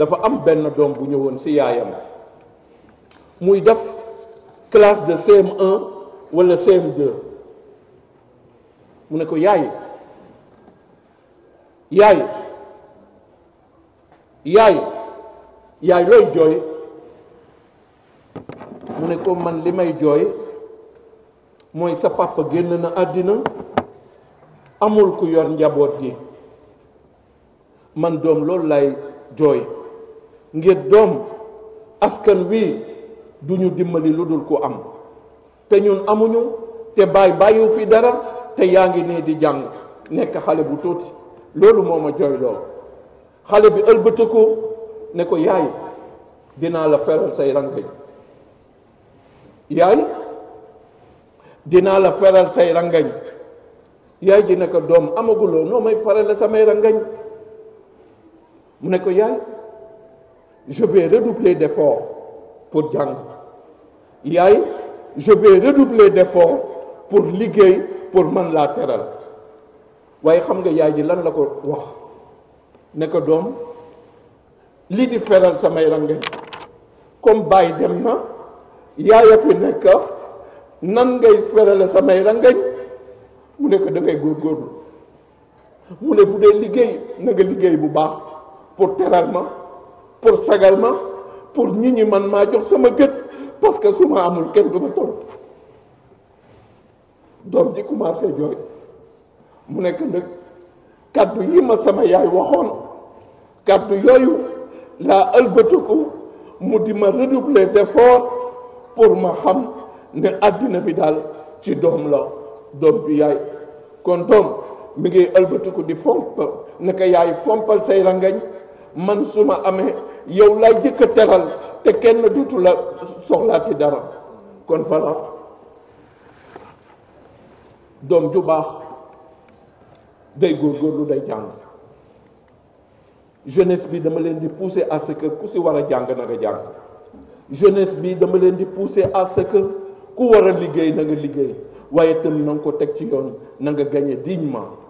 dafa am benn doom bu ñëwoon ci yaayam muy def classe de CM1 walla cm mu ne ko yaay yaay yaay yaay looy jooy mu ne ko man li may jooy mooy sa papa génn na àddina amul ku yor njaboot gi man doom loolu lay jooy ngir doom askan wi du ñu dimbali lu dul ku am te ñun amuñu te bàyyi bàyyiwu dara te yaa ngi nii di jàng nekk xale bu tuuti loolu moo ma jooyloo xale bi ëlbëtëku ne ko yaay dinaa la feral say rangañ yaay dinaa la feral say rangañ yaay ji ne doom amaguloo noo may ferale samay rangañ mu ne ko yaay je vais redoubler d'efforts pour jàng yaay je vais redoubler d'efforts pour liggéey pour man laa teral waaye xam nga yaay ji lan la ko wax ne ko doom lii di feral samay rangañ comme baay dem na yaaya fi nekk nan ngay ferale samay rangañ mu nekk ko da ngay góorgóorlu mu ne bu dee liggéey na liggéey bu baax pour teral ma pour sagal ma pour nit ñi man maa jox sama gët parce que su ma amul kenn du ma tontu doom ji commencé jooy mu nekk nag kàddu yi ma sama yaay waxoon kàddu yooyu laa ëlbatiku mu di ma redoubler d'effort pour ma xam ne àddina bi daal ci doom la doom bi yaay kon doom mi ngi ëlbatiku di fomp naka yaay fompal say rangañ man su ma amee yow laa jëkk a teral te kenn dutu la soxlaati dara kon fala doom ju baax day góorgóorlu day jàng jeunesse bi dama leen di pousser à ce que ku si war a jàng na nga jàng jeunesse bi dama leen di pousser à ce ku war a liggéey nanga liggéey waaye tam na nga ko teg ci yoon na nga gagné dignement